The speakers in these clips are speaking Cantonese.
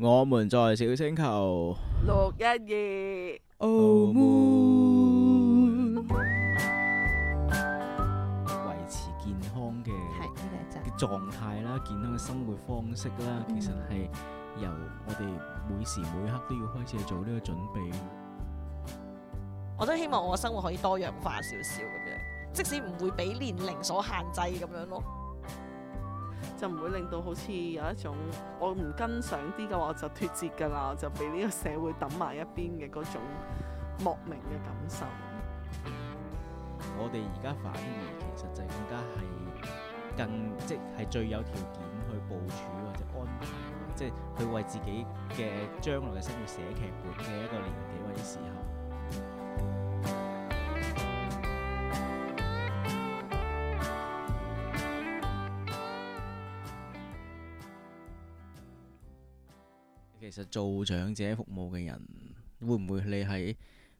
我們在小星球六一二，澳門維持健康嘅係呢狀態啦，健康嘅生活方式啦，其實係由我哋每時每刻都要開始去做呢個準備。我都希望我嘅生活可以多樣化少少咁樣，即使唔會俾年齡所限制咁樣咯。就唔會令到好似有一種我唔跟上啲嘅話就脫，就脫節㗎啦，就俾呢個社會抌埋一邊嘅嗰種莫名嘅感受。我哋而家反而其實就係更加係更即係最有條件去部署或者安排，即係去為自己嘅將來嘅生活寫劇本嘅一個年紀或者時候。做長者服務嘅人，會唔會你喺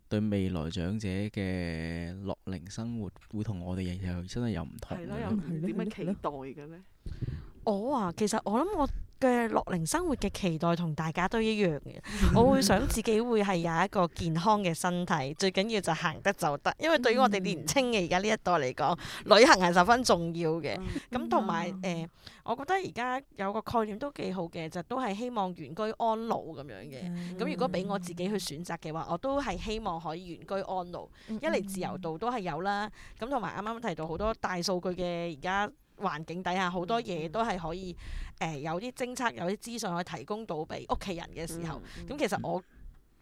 對未來長者嘅樂齡生活會，會同我哋 又真係有唔同？係咯，有唔同點樣期待嘅呢？ 我啊，其實我諗我。嘅樂齡生活嘅期待同大家都一樣嘅，我會想自己會係有一個健康嘅身體，最緊要就行得走得，因為對於我哋年青嘅而家呢一代嚟講，嗯、旅行係十分重要嘅。咁同埋誒我覺得而家有個概念都幾好嘅，就是，都係希望原居安老咁樣嘅。咁、嗯、如果俾我自己去選擇嘅話，我都係希望可以原居安老，一嚟自由度都係有啦。咁同埋啱啱提到好多大數據嘅而家環境底下好多嘢都係可以誒，有啲政策有啲資訊可以提供到俾屋企人嘅時候，咁其實我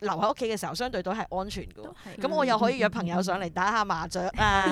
留喺屋企嘅時候，相對都係安全嘅。咁我又可以約朋友上嚟打下麻雀啊，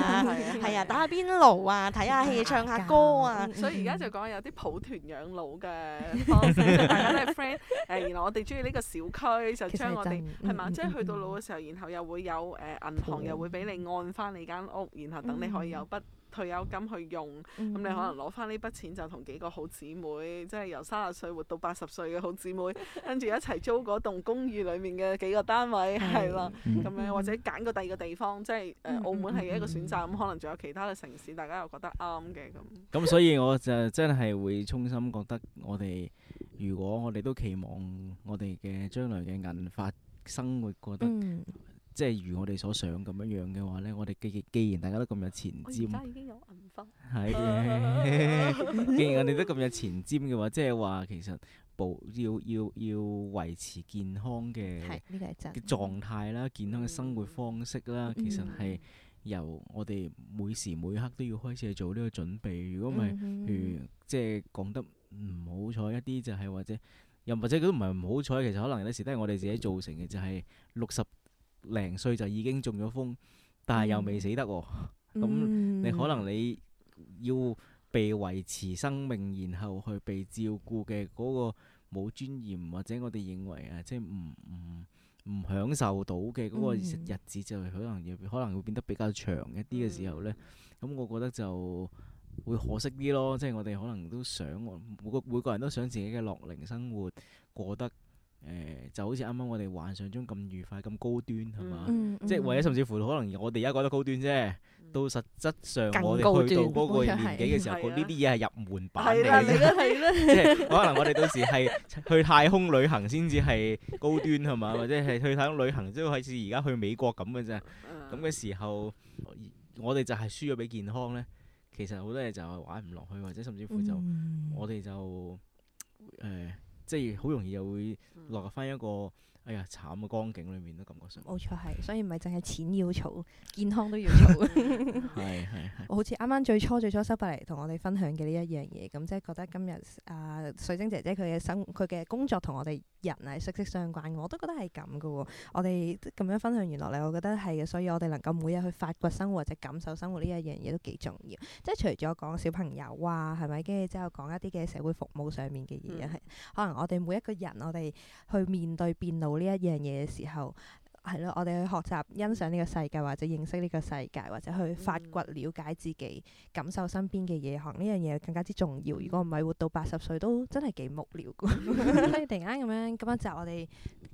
係啊，打下邊爐啊，睇下戲，唱下歌啊。所以而家就講有啲抱團養老嘅方式，大家都係 friend。誒，原來我哋中意呢個小區，就將我哋係嘛，即係去到老嘅時候，然後又會有誒銀行又會俾你按翻你間屋，然後等你可以有筆退休金去用，咁你可能攞翻呢筆錢就同幾個好姊妹，嗯、哼即係由三十歲活到八十歲嘅好姊妹， 跟住一齊租嗰棟公寓裏面嘅幾個單位，係啦，咁樣或者揀個第二個地方，即係、呃、澳門係一個選擇，咁、嗯、哼可能仲有其他嘅城市，大家又覺得啱嘅咁。咁所以我就真係會衷心覺得我，我哋 如果我哋都期望我哋嘅將來嘅銀髮生活，過得、嗯。即係如我哋所想咁樣樣嘅話呢，我哋既，既然大家都咁有前瞻，我而家已經有銀包 既然我哋都咁有前瞻嘅話，即係話其實要要要維持健康嘅係呢狀態啦，健康嘅生活方式啦，其實係由我哋每時每刻都要開始去做呢個準備。嗯、哼如果唔係，即係講得唔好彩一啲，就係、係、或者又或者都唔係唔好彩，其實可能有時都係我哋自己造成嘅，就係六十零歲就已經中咗風，但係又未死得喎、哦。咁 你可能你要被維持生命，然後去被照顧嘅嗰個冇尊嚴，或者我哋認為啊，即係唔唔唔享受到嘅嗰個日子、嗯、就可能要可能會變得比較長一啲嘅時候呢。咁、嗯、我覺得就會可惜啲咯。即係我哋可能都想每個每個人都想自己嘅樂齡生活過得。誒，就好似啱啱我哋幻想中咁愉快、咁高端，係嘛？即係或者甚至乎可能我哋而家覺得高端啫，到實質上我哋去到嗰個年紀嘅時候，呢啲嘢係入門版嚟嘅，即係可能我哋到時係去太空旅行先至係高端，係嘛？或者係去太空旅行即好似而家去美國咁嘅啫。咁嘅時候，我哋就係輸咗俾健康咧。其實好多嘢就係玩唔落去，或者甚至乎就我哋就誒。即係好容易就會落翻一個哎呀、嗯、慘嘅光景裏面咯，感覺上。冇錯，係，所以唔係淨係錢要儲，健康都要儲。係係係。我好似啱啱最初最初收翻嚟同我哋分享嘅呢一樣嘢，咁即係覺得今日啊，水晶姐姐佢嘅生佢嘅工作同我哋。人係息息相關，我都覺得係咁嘅喎。我哋咁樣分享完落嚟，我覺得係嘅，所以我哋能夠每日去發掘生活或者感受生活呢一樣嘢都幾重要。即係除咗講小朋友啊，係咪？跟住之後講一啲嘅社會服務上面嘅嘢，係、嗯、可能我哋每一個人，我哋去面對變老呢一樣嘢嘅時候。係咯，我哋去學習欣賞呢個世界，或者認識呢個世界，或者去發掘了解自己，感受身邊嘅嘢。可能呢樣嘢更加之重要。如果唔係，活到八十歲都真係幾無聊。所以 突然間咁樣，咁一集我哋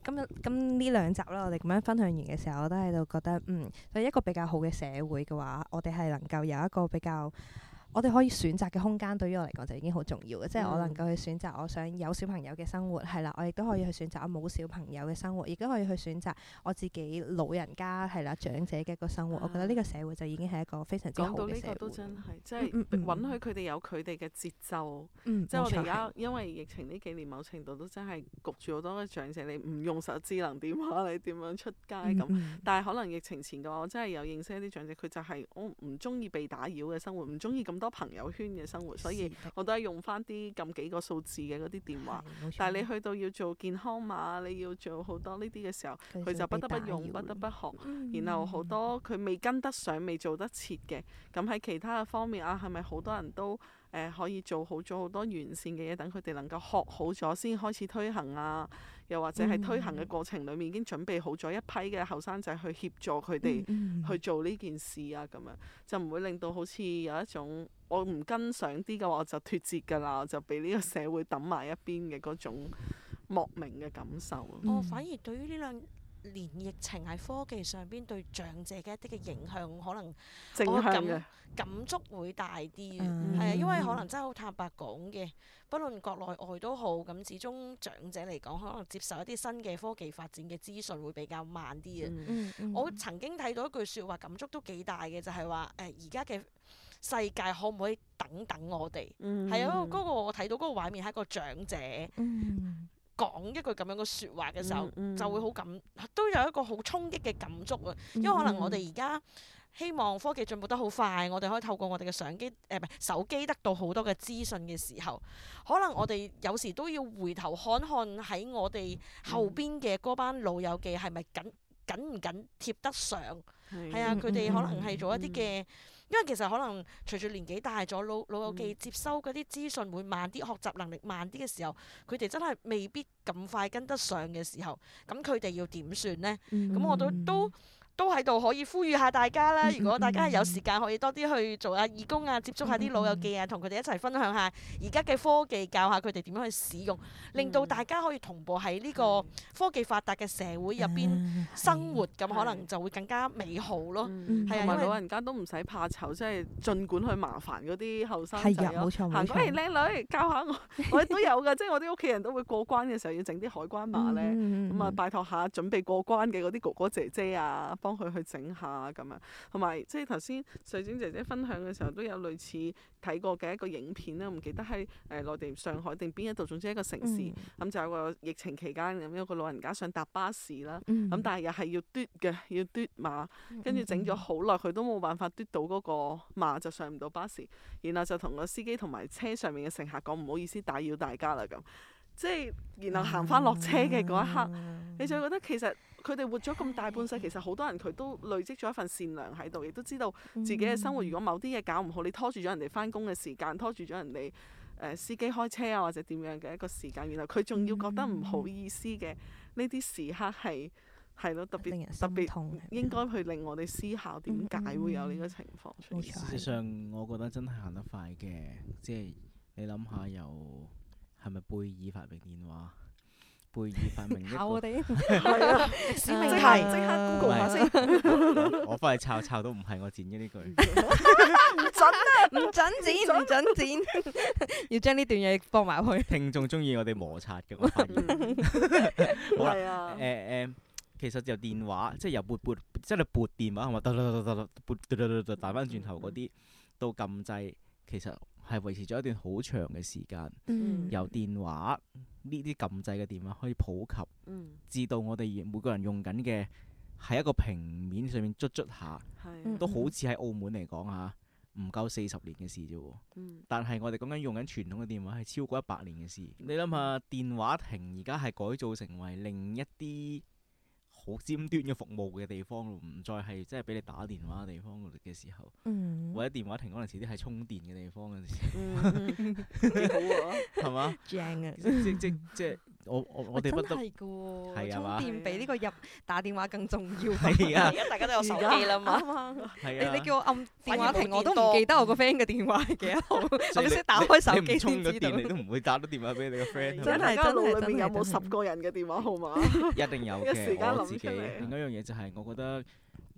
今日今呢兩集啦，我哋咁樣分享完嘅時候，我都喺度覺得，嗯，喺一個比較好嘅社會嘅話，我哋係能夠有一個比較。我哋可以選擇嘅空間對於我嚟講就已經好重要嘅，即係、嗯、我能夠去選擇我想有小朋友嘅生活，係啦，我亦都可以去選擇我冇小朋友嘅生活，亦都可以去選擇我自己老人家係啦長者嘅一個生活。啊、我覺得呢個社會就已經係一個非常之好嘅社會。講到呢個都真係即係允許佢哋有佢哋嘅節奏。即係、嗯嗯、我哋而家因為疫情呢幾年，某程度都真係焗住好多嘅長者，你唔用手智能電話，你點樣出街咁？嗯、但係可能疫情前嘅話我真係有認識一啲長者，佢就係我唔中意被打擾嘅生活，唔中意咁。多朋友圈嘅生活，所以我都係用翻啲撳幾個數字嘅嗰啲電話。但係你去到要做健康碼，你要做好多呢啲嘅時候，佢就不得不用，不得不學。嗯、然後好多佢未跟得上，未做得切嘅。咁喺其他嘅方面啊，係咪好多人都？誒、呃、可以做好咗好多完善嘅嘢，等佢哋能夠學好咗先開始推行啊，又或者係推行嘅過程裏面已經準備好咗一批嘅後生仔去協助佢哋去做呢件事啊，咁樣，就唔會令到好似有一種我唔跟上啲嘅話就脫節㗎啦，就俾呢個社會抌埋一邊嘅嗰種莫名嘅感受，啊。哦，反而對於呢兩，連疫情喺科技上邊對長者嘅一啲嘅影響，可能我感感觸會大啲嘅，係啊、嗯，因為可能真係好坦白講嘅，不論國內外都好，咁始終長者嚟講，可能接受一啲新嘅科技發展嘅資訊會比較慢啲啊。嗯嗯、我曾經睇到一句説話，感觸都幾大嘅，就係話誒，而家嘅世界可唔可以等等我哋？係、嗯、啊，嗰、嗰個我睇到嗰個畫面係一個長者。嗯講一句咁樣嘅説話嘅時候，嗯嗯、就會好感，都有一個好衝擊嘅感觸啊！因為可能我哋而家希望科技進步得好快，我哋可以透過我哋嘅相機，誒唔係手機，得到好多嘅資訊嘅時候，可能我哋有時都要回頭看看喺我哋後邊嘅嗰班老友記係咪緊緊唔緊貼得上？係、嗯、啊，佢哋、嗯、可能係做一啲嘅。嗯嗯因為其實可能隨住年紀大咗，老老友記接收嗰啲資訊會慢啲，學習能力慢啲嘅時候，佢哋真係未必咁快跟得上嘅時候，咁佢哋要點算呢？咁、mm hmm. 我都都。都喺度可以呼籲下大家啦！如果大家有時間，可以多啲去做下義工啊，接觸下啲老友記啊，同佢哋一齊分享下而家嘅科技，教下佢哋點樣去使用，令到大家可以同步喺呢個科技發達嘅社會入邊生活，咁可能就會更加美好咯。係、嗯、啊，老人家都唔使怕醜，即係儘管去麻煩嗰啲後生仔行過嚟靚錯、哎、女，教下我， 我都有㗎，即係我啲屋企人都會過關嘅時候要整啲海關碼咧。咁啊，拜託下準備過關嘅嗰啲哥哥姐姐啊，幫佢去整下咁啊，同埋即係頭先瑞晶姐姐分享嘅時候都有類似睇過嘅一個影片啦，唔記得喺誒、呃、內地上海定邊一度，總之一個城市咁、嗯、就有個疫情期間咁有個老人家想搭巴士啦，咁、嗯、但係又係要嘟嘅要嘟碼，跟住整咗好耐，佢都冇辦法嘟到嗰個碼就上唔到巴士，然後就同個司機同埋車上面嘅乘客講唔好意思打擾大家啦咁。即係然後行翻落車嘅嗰一刻，嗯、你就會覺得其實佢哋活咗咁大半世，其實好多人佢都累積咗一份善良喺度，亦都知道自己嘅生活。如果某啲嘢搞唔好，你拖住咗人哋翻工嘅時間，拖住咗人哋誒、呃、司機開車啊，或者點樣嘅一個時間，原來佢仲要覺得唔好意思嘅呢啲時刻係係咯，都特別特別應該去令我哋思考點解會有呢個情況出現。事實上，我覺得真係行得快嘅，即係你諗下又。係咪貝爾發明電話？貝爾發明一我哋。係。即刻 Google 我翻去抄抄都唔係我剪嘅呢句。唔准唔准剪！唔准剪！要將呢段嘢放埋去。聽眾中意我哋摩擦嘅。我發現。好啊。誒誒，其實就電話，即係由撥撥，即係撥電話係咪？嘟嘟嘟嘟嘟，撥嘟嘟嘟嘟，打翻轉頭嗰啲到撳掣。其實係維持咗一段好長嘅時間，嗯、由電話呢啲撳掣嘅電話可以普及，嗯、至到我哋每個人用緊嘅係一個平面上面捽捽下，嗯、都好似喺澳門嚟講吓唔夠四十年嘅事啫喎。嗯、但係我哋噉樣用緊傳統嘅電話係超過一百年嘅事。你諗下電話亭而家係改造成為另一啲。好尖端嘅服務嘅地方，唔再係即係俾你打電話嘅地方嘅時候，嗯、或者電話亭可能遲啲係充電嘅地方嘅時候，好啊，係嘛？即即即，即。我我我哋不都係嘅喎，充電比呢個入打電話更重要。係啊，而家大家都有手機啦嘛。係啊，你你叫我按電話停我都唔記得我個 friend 嘅電話係幾號，咁先打開手機先知。你都唔會打到電話俾你個 friend。真係真係，腦裏邊有冇十個人嘅電話號碼？一定有嘅，我自己。另一樣嘢就係，我覺得。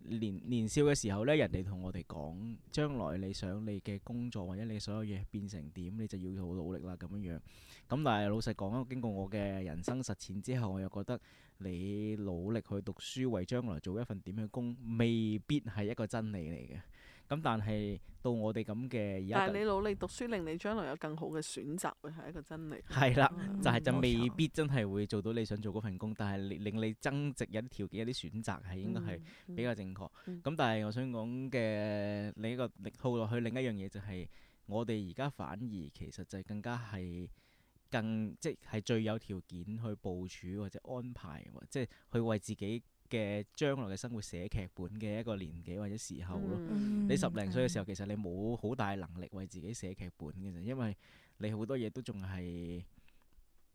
年年少嘅時候呢，人哋同我哋講，將來你想你嘅工作或者你所有嘢變成點，你就要好努力啦咁樣樣。咁但係老實講啦，經過我嘅人生實踐之後，我又覺得你努力去讀書為將來做一份點樣工，未必係一個真理嚟嘅。咁但係到我哋咁嘅但係你努力讀書令你將來有更好嘅選擇會係一個真理。係啦的，嗯、就係就未必真係會做到你想做嗰份工，嗯、但係令你增值有啲條件、有啲選擇係應該係比較正確，咁、嗯嗯、但係我想講嘅，你一個套落去另一樣嘢就係、是、我哋而家反而其實就係更加係更即係、就是、最有條件去部署或者安排，即、就、係、是、去為自己。嘅將來嘅生活寫劇本嘅一個年紀或者時候咯，你十零歲嘅時候其實你冇好大能力為自己寫劇本嘅，就因為你好多嘢都仲係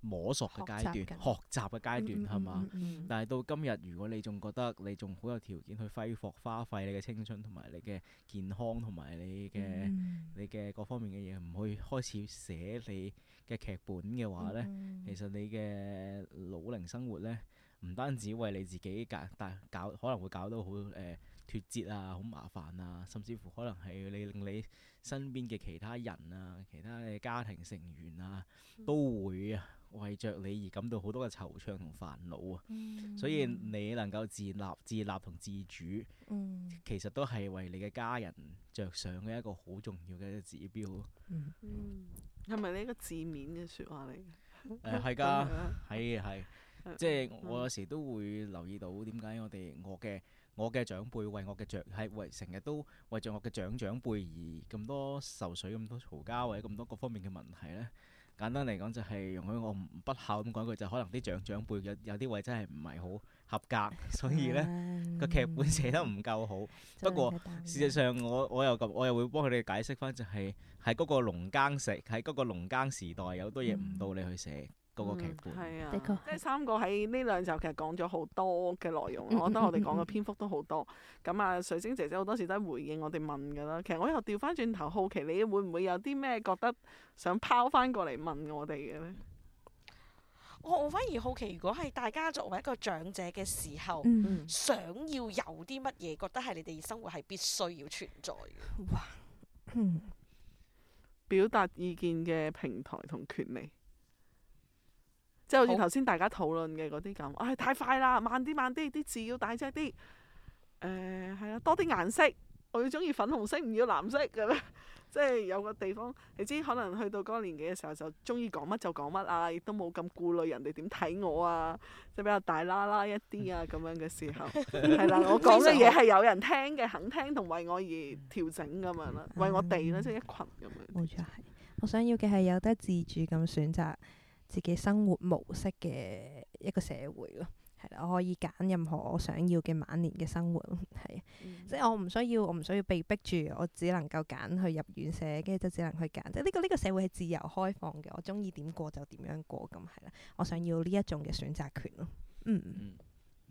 摸索嘅階段、學習嘅階段係嘛？但係到今日，如果你仲覺得你仲好有條件去揮霍、花費你嘅青春同埋你嘅健康同埋你嘅、嗯、你嘅各方面嘅嘢，唔去開始寫你嘅劇本嘅話呢，其實你嘅老齡生活呢。唔單止為你自己搞，但搞可能會搞到好誒、呃、脱節啊，好麻煩啊，甚至乎可能係你令你身邊嘅其他人啊，其他嘅家庭成員啊，都會啊為着你而感到好多嘅惆悵同煩惱啊。嗯、所以你能夠自立、自立同自主，嗯、其實都係為你嘅家人着想嘅一個好重要嘅指標。嗯，係咪呢個字面嘅説話嚟？誒係㗎，係係。即係我有時都會留意到，點解我哋我嘅我嘅長輩為我嘅長係為成日都為著我嘅長長輩而咁多受水，咁多嘈交，或者咁多各方面嘅問題咧。簡單嚟講就係容許我唔不孝咁講句，就係、可能啲長長輩有有啲位真係唔係好合格，所以咧個、 嗯、劇本寫得唔夠好。不過事實上我我又我又會幫佢哋解釋翻、就係，就係喺嗰個農耕食喺嗰個農耕時代有好多嘢唔到你去寫。嗯個個奇觀，即係、嗯啊、的確三個喺呢兩集其實講咗好多嘅內容，嗯、我覺得我哋講嘅篇幅都好多。咁啊、嗯，嗯、水晶姐姐好多時都係回應我哋問嘅啦。其實我又調翻轉頭好奇，你會唔會有啲咩覺得想拋翻過嚟問我哋嘅咧？我、哦、我反而好奇，如果係大家作為一個長者嘅時候，嗯、想要有啲乜嘢，覺得係你哋生活係必須要存在嘅哇，嗯、表達意見嘅平台同權利。即係好似頭先大家討論嘅嗰啲咁，唉、哦哎，太快啦，慢啲慢啲，啲字要大隻啲。誒係啊，多啲顏色，我要中意粉紅色，唔要藍色咁樣。 即係有個地方，你知可能去到嗰個年紀嘅時候，就中意講乜就講乜啊，亦都冇咁顧慮人哋點睇我啊，即係比較大喇喇一啲啊咁 樣嘅時候，係啦， 我講嘅嘢係有人聽嘅，肯聽同為我而調整咁樣咯，為我哋啦，即係、嗯、一群咁樣。冇錯、嗯，我想要嘅係有得自主咁選擇。自己生活模式嘅一個社會咯，係啦，我可以揀任何我想要嘅晚年嘅生活，係，嗯、即係我唔需要，我唔需要被逼住，我只能夠揀去入院社，跟住就只能去揀，即係呢個呢個社會係自由開放嘅，我中意點過就點樣過咁係啦，我想要呢一種嘅選擇權咯。嗯，嗯，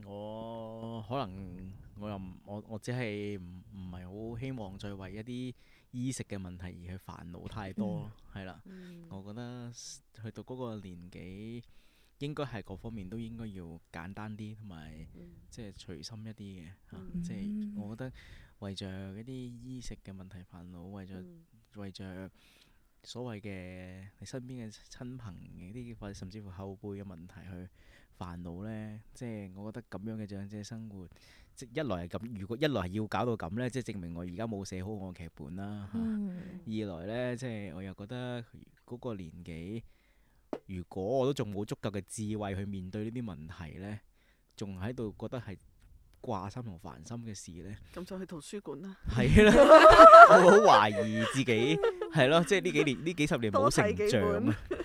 我可能我又我我只係唔唔係好希望再為一啲衣食嘅問題而去煩惱太多咯，係啦，我覺得去到嗰個年紀，應該係各方面都應該要簡單啲，同埋即係隨心一啲嘅。即係我覺得為着一啲衣食嘅問題煩惱，為着、嗯、為著所謂嘅你身邊嘅親朋啲，或者甚至乎後輩嘅問題去煩惱呢。即係我覺得咁樣嘅長者生活。一來係咁，如果一來要搞到咁呢，即係證明我而家冇寫好我劇本啦。嗯、二來呢，即係我又覺得嗰個年紀，如果我都仲冇足夠嘅智慧去面對呢啲問題呢，仲喺度覺得係掛心同煩心嘅事呢。咁就去圖書館啦。係啦，我好懷疑自己係咯，即係呢幾年呢 幾十年冇成長啊。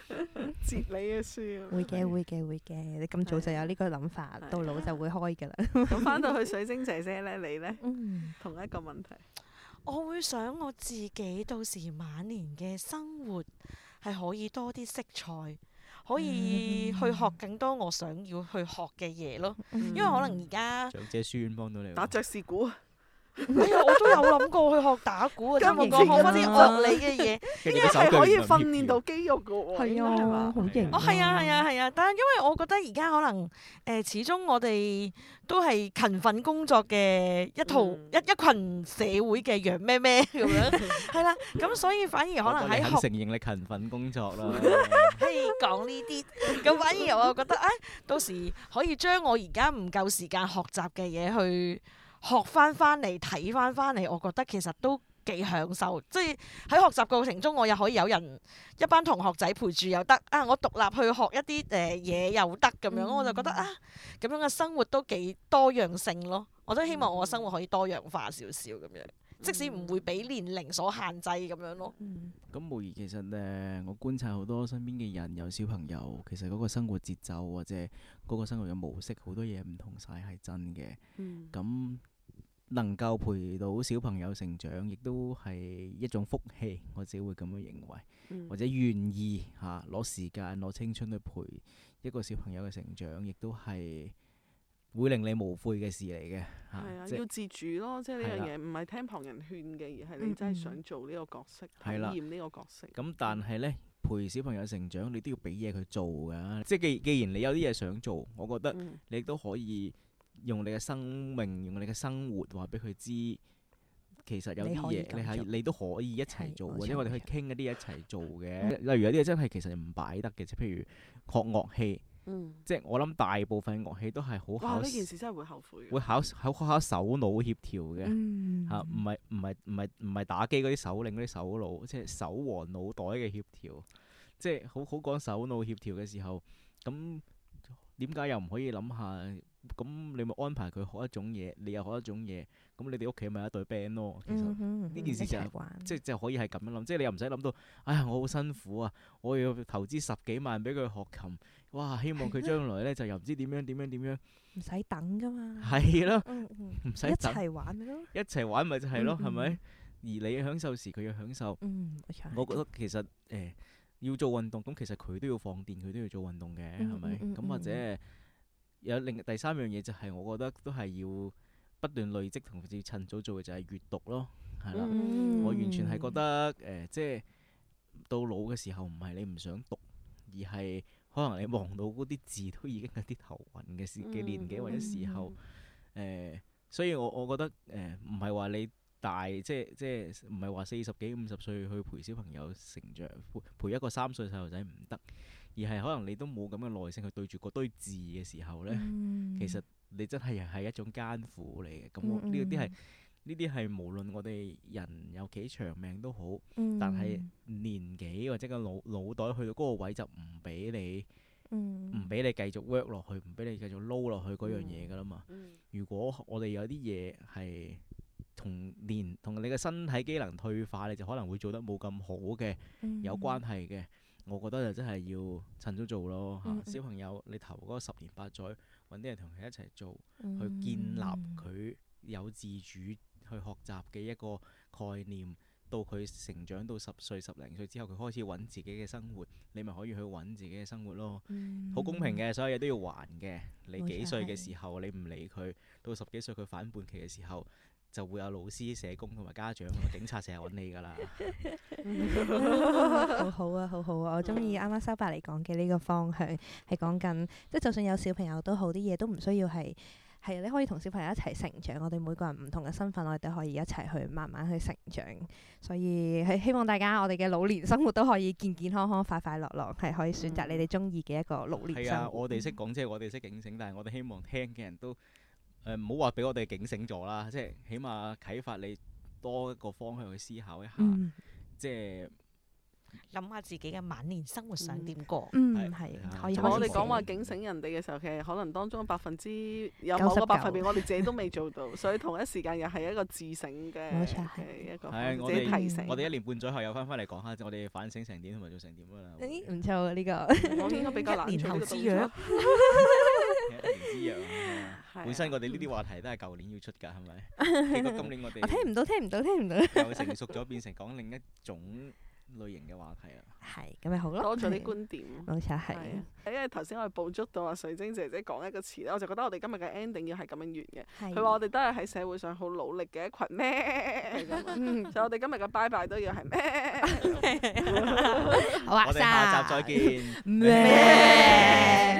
接你嘅書啊！會嘅會嘅會嘅，你咁早就有呢個諗法，到老就會開㗎喇。咁返到去水晶姐姐咧，你咧，嗯，同一個問題，我會想我自己到時晚年嘅生活係可以多啲色彩，可以去學更多我想要去學嘅嘢咯。因為可能而家姐姐書院幫到你打爵士鼓 我都有諗過去學打鼓啊，即係我講學返啲樂理嘅嘢，應該係可以訓練到肌肉噶係、嗯嗯 oh, 啊，好型。我係啊，係啊，係啊，但係因為我覺得而家可能誒、哎，始終我哋都係勤奮工作嘅一套、嗯、一一群社會嘅羊咩咩咁樣，係 啦。咁所以反而可能喺學，承認 你，你勤奮工作啦。可以講呢啲，咁 反而我又覺得誒、哎，到時可以將我而家唔夠時間學習嘅嘢去。學翻翻嚟睇翻翻嚟，我覺得其實都幾享受。即係喺學習過程中，我又可以有人一班同學仔陪住又得啊！我獨立去學一啲誒嘢又得咁樣，我就覺得啊，咁樣嘅生活都幾多樣性咯。我都希望我嘅生活可以多樣化少少咁樣，即使唔會俾年齡所限制咁樣咯。咁無疑其實咧，我觀察好多身邊嘅人，有小朋友，其實嗰個生活節奏或者嗰個生活嘅模式好多嘢唔同晒係真嘅。咁、嗯能夠陪到小朋友成長，亦都係一種福氣，我自己會咁樣認為。嗯、或者願意嚇攞、啊、時間、攞青春去陪一個小朋友嘅成長，亦都係會令你無悔嘅事嚟嘅。係啊，啊即要自主咯，即係呢樣嘢唔係聽旁人勸嘅，啊、而係你真係想做呢個角色，嗯嗯，體驗呢個角色。咁、啊、但係呢，陪小朋友成長，你都要俾嘢佢做㗎。即係既，既然你有啲嘢想做，我覺得你都可以。用你嘅生命，用你嘅生活，話俾佢知，其實有啲嘢你係你都可以一齊做嘅，即係我哋去傾嗰啲嘢一齊做嘅。嗯、例如有啲嘢真係其實唔擺得嘅，即譬如學樂器，嗯、即係我諗大部分樂器都係好考。呢件事真係會後悔。會考、嗯、考、考考手腦協調嘅，嚇唔係唔係唔係唔係打機嗰啲手領嗰啲手腦，即係手和腦袋嘅協調。即係好好講手腦協調嘅時候，咁點解又唔可以諗下？咁你咪安排佢學一種嘢，你又學一種嘢，咁你哋屋企咪一對 band 咯。其實呢件事就係即係就可以係咁樣諗，即係你又唔使諗到，唉，我好辛苦啊，我要投資十幾萬俾佢學琴，哇，希望佢將來咧就又唔知點樣點樣點樣。唔使等噶嘛。係咯，唔使等，一齊玩一齊玩咪就係咯，係咪？而你嘅享受時，佢要享受。我覺得其實誒要做運動，咁其實佢都要放電，佢都要做運動嘅，係咪？咁或者。有另第三樣嘢就係，我覺得都係要不斷累積同自趁早做嘅就係閱讀咯，係啦。嗯、我完全係覺得誒、呃，即係到老嘅時候，唔係你唔想讀，而係可能你望到嗰啲字都已經有啲頭暈嘅時嘅年紀或者時候誒、嗯嗯呃，所以我我覺得誒，唔係話你大即係即係唔係話四十幾五十歲去陪小朋友成長，陪陪一個三歲細路仔唔得。而係可能你都冇咁嘅耐性去對住嗰堆字嘅時候呢，其實你真係係一種艱苦嚟嘅。咁呢啲係呢啲係無論我哋人有幾長命都好，但係年紀或者個腦腦袋去到嗰個位就唔俾你，唔俾你繼續 work 落去，唔俾你繼續撈落去嗰樣嘢㗎啦嘛。如果我哋有啲嘢係同年同你嘅身體機能退化，你就可能會做得冇咁好嘅，有關係嘅。我覺得就真係要趁早做咯嚇。嗯、小朋友，你頭嗰十年八載，揾啲人同佢一齊做，去建立佢有自主去學習嘅一個概念，嗯、到佢成長到十歲十零歲之後，佢開始揾自己嘅生活，你咪可以去揾自己嘅生活咯。好、嗯、公平嘅，嗯、所有嘢都要還嘅。你幾歲嘅時候冇錯。你唔理佢，到十幾歲佢反叛期嘅時候。就會有老師、社工同埋家長、警察成日揾你㗎啦、 哦。好好啊，好啊好啊，我中意啱啱收伯嚟講嘅呢個方向，係講緊即、就係、就算有小朋友都好，啲嘢都唔需要係係，你可以同小朋友一齊成長。我哋每個人唔同嘅身份，我哋都可以一齊去慢慢去成長。所以係希望大家我哋嘅老年生活都可以健健康康、快快樂樂，樂，係可以選擇你哋中意嘅一個老年。係啊，我哋識講即係我哋識警醒，但係我哋希望聽嘅人都。誒，唔好話俾我哋警醒咗啦，即係起碼啟發你多一個方向去思考一下，即係諗下自己嘅晚年生活想點過。嗯，我哋講話警醒人哋嘅時候，其實可能當中百分之有某個百分比，我哋自己都未做到，所以同一時間又係一個自醒嘅嘅一個自己提醒。我哋，一年半載後又翻返嚟講下，我哋反省成點同埋做成點㗎啦。咦？唔錯啊，呢個我應該比較難唔知啊，本身我哋呢啲話題都係舊年要出㗎，係咪？結果今年我哋我聽唔到，聽唔到，聽唔到。又成熟咗，變成講另一種類型嘅話題啊！係，咁咪好咯。多咗啲觀點，冇錯係。因為頭先我哋捕捉到啊，水晶姐姐講一個詞咧，我就覺得我哋今日嘅 ending 要係咁樣完嘅。佢話我哋都係喺社會上好努力嘅一群咩？係咁。就我哋今日嘅 bye bye 都要係咩？好啊，我哋下集再見。咩？